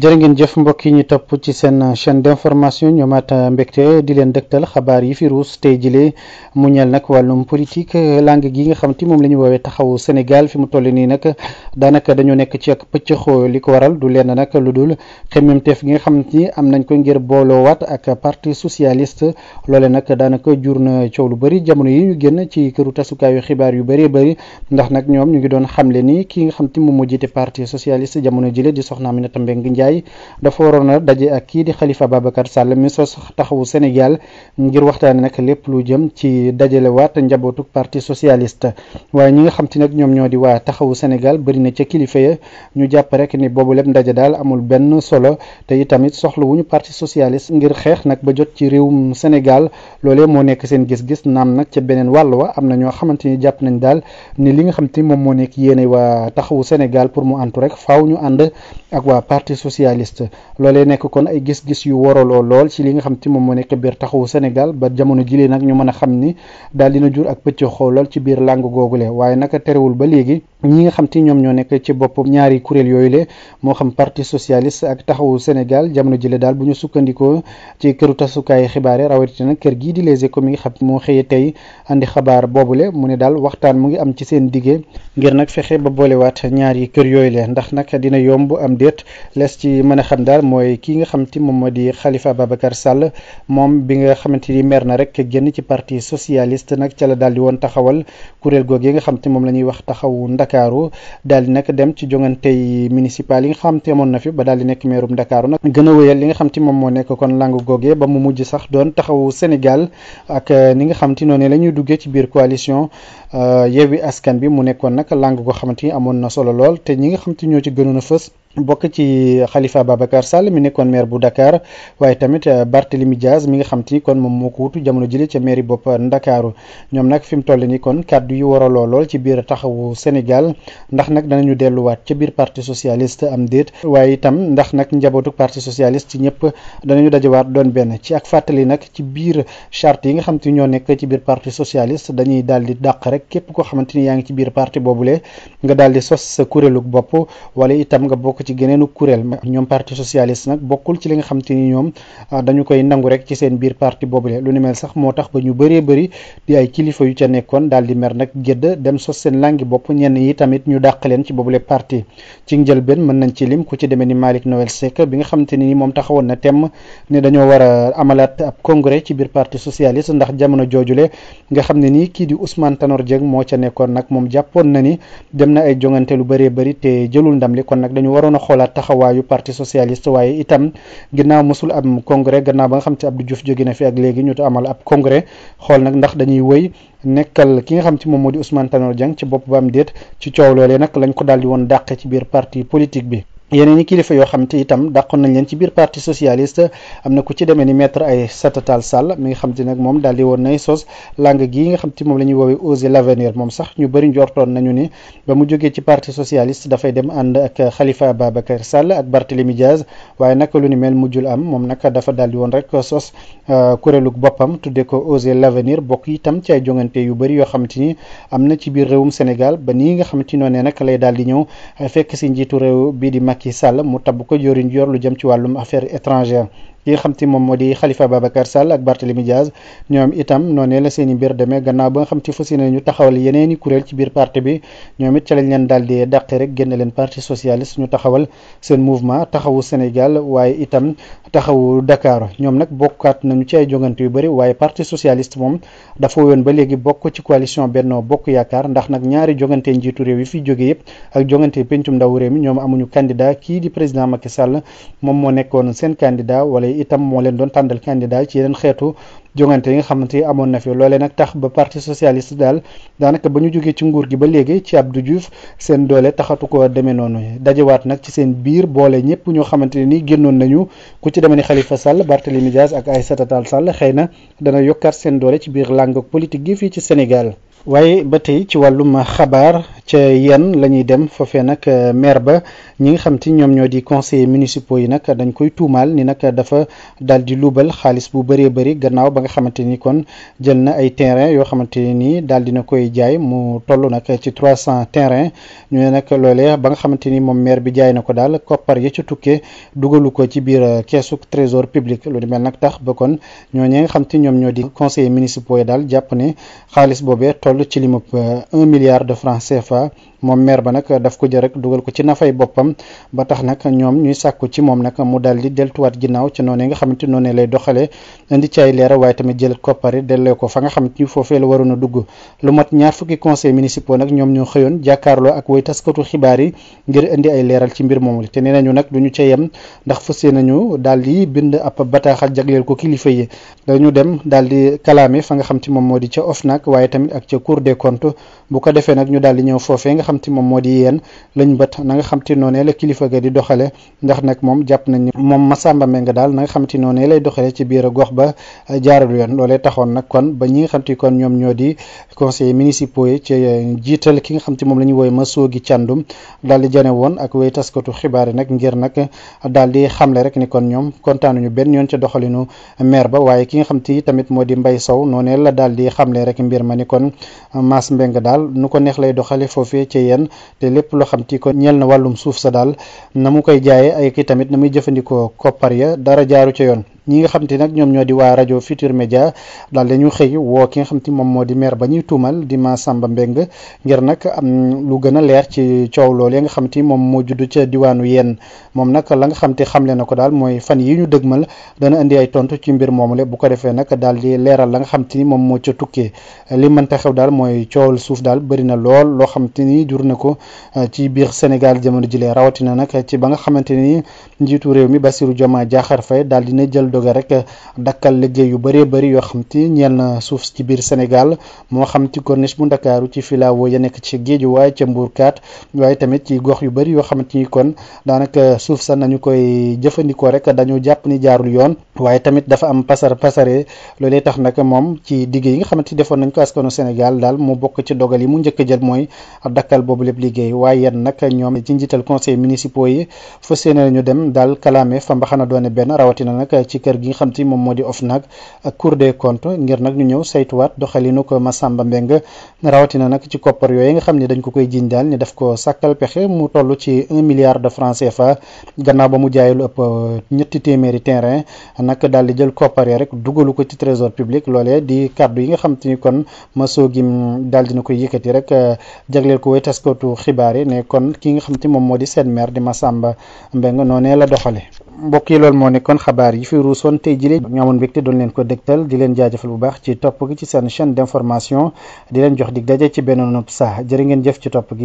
jërë ngeen jëf mbokk yi ñu topp ci seen chaîne d'information ñoomaat mbégte di leen dëgtal xabaar yi fi ruus tey jile mu ñal nag wàllum politique langue gi nga xam te moom la ñu woowee taxawu Sénégal fi mu toll nii nag daanaka dañoo nekk ci ak pëccëxoo li ko waral du leen nag lu dul gi nga xam am nañ ko ngir booloowaat ak parti socialiste loole nag daanaka jur na coow lu bëri jamono yi ñu génn ci këru tasukaayu xibaar yu bëree bëri ndax nag ñoom ñu ngi doon xamle ni ki nga xam te moom moo jiite parti socialiste jamono jile di soxna Aminata Mbengue Ndiaye Ndiaye dafa warona dajé ak ki di Khalifa Ababacar Sall mi sos taxawu Sénégal ngir waxtaane nak lépp lu jëm ci wat njabotuk parti socialiste way ñi nga xam te nag ñoom ñoo di waa taxawu Sénégal bari na ci kilifa ya ñu japp rek ni bobu lépp dajé dal amul benn solo te itamit soxlu wuñu parti socialiste ngir xex nak ba jot ci réewum Sénégal lolé mo nekk seen gis-gis nam nak ci benen wàll wa amna ño ñoo xamante ni jàpp nañ dal ni li nga xam te moom moo nekk yéene wa taxawu Sénégal pour mu antu rek faaw ñu and ak wa parti socialiste socialiste loolee nekk kon ay gis-gis yu waraloo lool ci li nga xam te moom moo nekk biir taxawu Sénégal ba jamono jile nag ñu mën a xam ni daal dina jur ak pëcc xoolal ci biir làng googule waaye naka terewul ba léegi ñi nga xam te ñoom ñoo nekk ci bopp ñaari kuréel yooyu le moo xam parti socialiste ak taxawu Sénégal jamono jile daal bu ñu sukkandikoo ci kër tasukaay xibaare rawatina kër gii di Les Échos mi nga xam moo xëye tey andi xabaar boobule mu ne daal waxtaan mu ngi am ci seen diggé ngir nag fexe ba boolewaat kër yooyu le ci mën a xam daal mooy kii nga xam moom moo di Khalifa Ababacar Sall moom bi nga xamante ni mer na rek génn ci parti socialiste nag ca la daal di woon taxawal kuréel googu nga xam te moom la ñuy wax taxawu ndakaaru daal di nag dem ci jongantey municipal yi nga xam te amoon na fi ba daal di nekk meerum ndakaaru nag gën a li nga xam te moom moo nekk kon langu googu ba mu mujj sax doon taxawu Sénégal ak euh, ni nga xam te noonu la ñuy duggee ci biir coalition euh, Yewwi Askan bi mu nekkoon nag langu goo xamante ni amoon na solo lool te ñi nga xam ñoo ci gënoon a fës bokk ci Khalifa Babacar Sall mi nekkoon maire bu dakaar waaye tamit euh, Barthélemy Diaz mi nga xam te ni kon moom moo ko wutu jamono jële ca mairie bopp euh, Ndakaaru ñoom nag fi mu toll ni kon kàddu yu waraloo lool ci biir taxawu Sénégal ndax nag danañu delluwaat ci biir parti socialist am déet waaye itam ndax nag njabootu parti socialiste ci ñëpp danañu dajawaat doon benn ci ak fàttali nag ci biir charte yi nga xam ti ñoo nekk ci biir parti socialiste dañuy daal di dàq rek képp koo xamante ni yaa ngi ci biir parti boobule nga daal di sos sa kuréelu bopp bokk ci geneenu kurel ñom parti socialiste nak, bokul ci li nga xam ñom ah, dañu koy nangu rek ci seen biir parti le lu ni mel sax motax ba ñu bëree bëri di ay kilifa yu ca nekkon dal di mer nak gedd dem sos seen langi bop ñen yi tamit ñu dakk leen ci le parti ci ben mën nañ ci lim ku ci deme ni Malick noel Seck bi nga xam ni mom taxawon na tem ne dañu wara amalat ab congrès ci biir parti socialiste ndax jamono jojule, nga xamni ni ki di Ousmane Tanor Dieng mo ca nekkon nak mom jappon na ni dem na ay jongante lu bëree bëri te jëlul ndam li kon nak dañu waro waroon a xoolaat taxawaayu parti socialiste waaye itam ginnaaw mosul am congrès gannaaw ba nga xam ci Abdou Diouf jóge na fi ak léegi ñu amal ab congrès xool nag ndax dañuy wëy nekkal ki nga xam ci moom moo di Ousmane Tanor Dieng ci bopp ba am déet ci coow loolee nag lañ ko daal di woon dàqe ci biir parti politique bi. yeneen i kilifa yo xam itam dàqoon nañ leen ci biir parti socialiste amna ku ci demé ni maître ay satatal sal mi nga xam nak mom dal di nay sos lang gi nga xam mom lañuy wowe oser l'avenir mom sax ñu bari ndortone nañu ni ba mu joggé ci parti socialiste fay dem and ak Khalifa Babacar sal ak Barthélemy Diaz waye nak lu ni mel mujul am moom nak dafa dal di won rek sos euh, kureluk bopam tuddé ko oser l'avenir bokk itam ci ay jongante yu bari yo xam te ni am ci biir réewum Sénégal ba ni nga xam noné nak lay dal di ñew fekk ci njitu réew bi di Macky Sall mu tabb ko joriñ yor lu jëm ci walum affaires étrangères ki nga xam te moom moo di xalifa Babacar Sall ak Barthélemy Diaz ñoom itam noonee la seen i demee gannaaw ba nga xam te fas yéene ñu taxawal yeneen i kuréel ci biir parti bi ñoom it ca lañ leen daal di dàqe rek génne leen parti socialiste ñu taxawal seen mouvement taxawu Sénégal waaye itam taxawu Dakar ñoom nag bokkaat nañu ci ay jogante yu bëri waaye parti socialist moom dafa woon ba léegi bokk ci coalition Benno Bokk Yaakaar ndax nag ñaari jongante njiitu réew yi fi jóge yëpp ak jongante pencum ndaw réew mi ñoom amuñu candidat kii di président Macky Sall moom moo nekkoon seen candidat wala yi itam moo leen doon tàndal candidat ci yeneen xeetu jongante yi nga xamante ni amoon na fi loolee nag tax ba parti socialiste daal daanaka ba ñu jógee ci nguur gi ba léegi ci Abdou Diouf seen doole taxatu ko deme noonu dajewaat nag ci seen biir boole ñëpp ñoo xamante ne ni génnoon nañu ku ci demee ni xalifa Sall Barthélémy Dias ak Aïssata Tall Sall xëy na dana yokkaat seen doole ci biir làng politique gi fii ci Sénégal. waaye ba tey ci wàllum xabaar ca yenn la ñuy dem foofee nag euh, maire ba ñi nga xam te ñoom ñoo di conseillers municipaux yi nag dañ koy tuumaal ni nag dafa daal di luubal xaalis bu bëree bëri gannaaw ba nga xamante ni kon jël na ay terrain yoo xamante nii daal na koy jaay mu toll nag ci trois cent terrain ñu ne nag loolee ba nga xamante ni moom maire bi jaay na ko daal koppar ya ca tukkee dugalu ko ci biir euh, keesu trésor public lu di mel nag tax ba kon ñoo ñi nga xam te ñoom ñoo di conseillers municipaux yi daal jàpp ne xaalis boobee toll ci limu 1 eh, milliard de francs CFA mom maire ba nak daf ko jere rek dugal ko ci nafay bopam ba tax nak ñom ñuy sakku ci mom nak mu daal di wat ginnaaw ci noné nga xamante noné lay doxale indi ci ay léra way tamit jël ko paré delé ko fa nga xamante ni foofee la waruna dugg lu mat ñaar fukki conseil municipal nak ñom ñoo xeyoon jakarlo ak way taskatu xibaari ngir indi ay léral ci mbir momul té nee nak duñu ci yam ndax fassé nañu daal di bind ab bataaxal jagleel ko kilifa yi dañu dem daal di kalaame fa nga xam mom modi ci ofnak way tamit ak ci cour de comptes bu ko defee nag ñu daal di ñëw foofee nga xam te moom moo di yéen lañ bët na nga xam te noonee la kilifa ga di doxale ndax nag moom jàpp nañ ma moom Massamba Mbengue daal na xam te noonee lay doxale ci biir gox ba eh, jaarul yoon loolee taxoon nag kon ba ñi xam te kon ñoom ñoo di conseillers municipaux yi ci eh, jiital ki nga xam te moom la ñu wooy Masoogi Thiandoum daal di jane woon ak way taskotu xibaar yi nag ngir nag daal di xamle rek ni kon ñoom kontaanuñu benn yoon ca doxalinu maire ba waaye ki nga xam te tamit moo di mbay Sow noonee la daal di xamle rek mbir ma ni kon Mass Mbengue daal nu ko neex lay doxale foofee ca yéen te lépp loo xam ti ko ñeel na wàllum suuf sa daal na mu koy jaayee ay ki tamit na muy jëfandikoo koppar ya dara jaaru ca yoon ñi nga xam nak ñom ñoo di Futur Media dal lañu xey wo ki nga xam mom modi di maire ba ñuy tuumal di samba Mbeng ngir nak am lu gëna leer ci ciow lolé nga xam mom mo moo judd ca diwaanu yenn mom nak la nga xam xamlé nako dal moy fan yi ñu dëgmal dana andi ay tontu ci mbir momulé bu ko défé nak dal di léral la nga xam mom mo ci moo li xew dal moy ciowul suuf dal bari na lool lo xam ni jur euh, ci biir Sénégal jamono rawati na nak ci ba nga xamante ni réew mi Bassirou Diomaye fay dal di na jël bëgg rek dakkal liggéey yu bëree bëri yoo xam te ñeel na suuf ci biir Sénégal moo xam ci corniche bu Ndakaaru ci filao ya nekk ci Géejuwaay ca Mbuurkaat waaye tamit ci gox yu bëri yoo xamante ni kon daanaka suuf sa nañu koy jëfandikoo rek dañu jàpp ni jaarul yoon waaye tamit dafa am pasar pasare loolee tax nag moom ci digg yi nga xamante ni defoon nañ ko askanu Sénégal daal mu bokk ci dogal yi mu njëkk jël mooy dakkal boobu lépp liggéey waaye yéen nag ñoom ci njiital conseil municipaux yi fas kër gi nga xam te moom moo di nag ak Cour des comptes ngir nag ñu ñëw saytuwaat doxalinu ko Massamba Mbengue rawatina nag ci koppar yooyu nga xam ne dañ ko koy jiñ daal ni daf ko sàkkal pexe mu toll ci un milliard de francs fa gannaaw ba mu jaayee lu ëpp euh, ñetti téeméeri terrain nag daal di jël koppar yi rek dugalu ko ci trésor public loole di kàddu yi nga xam te ni kon Massogim daal na koy yëkkati rek euh, jagleel ko way taskatu xibaar yi ne kon ki nga xam te moom moo di seen maire di Massamba Mbengue noonee la doxale mbokk yi loolu moo nekkoon xabaar yi fi ruusoon tey jile ñu amoon mbégte doon leen ko dégtal di leen jaajëfal bu baax ci topp gi ci seen chaîne d'information di leen jox dig daje ci beneen nopp saa jërë ngeen jëf ci topp gi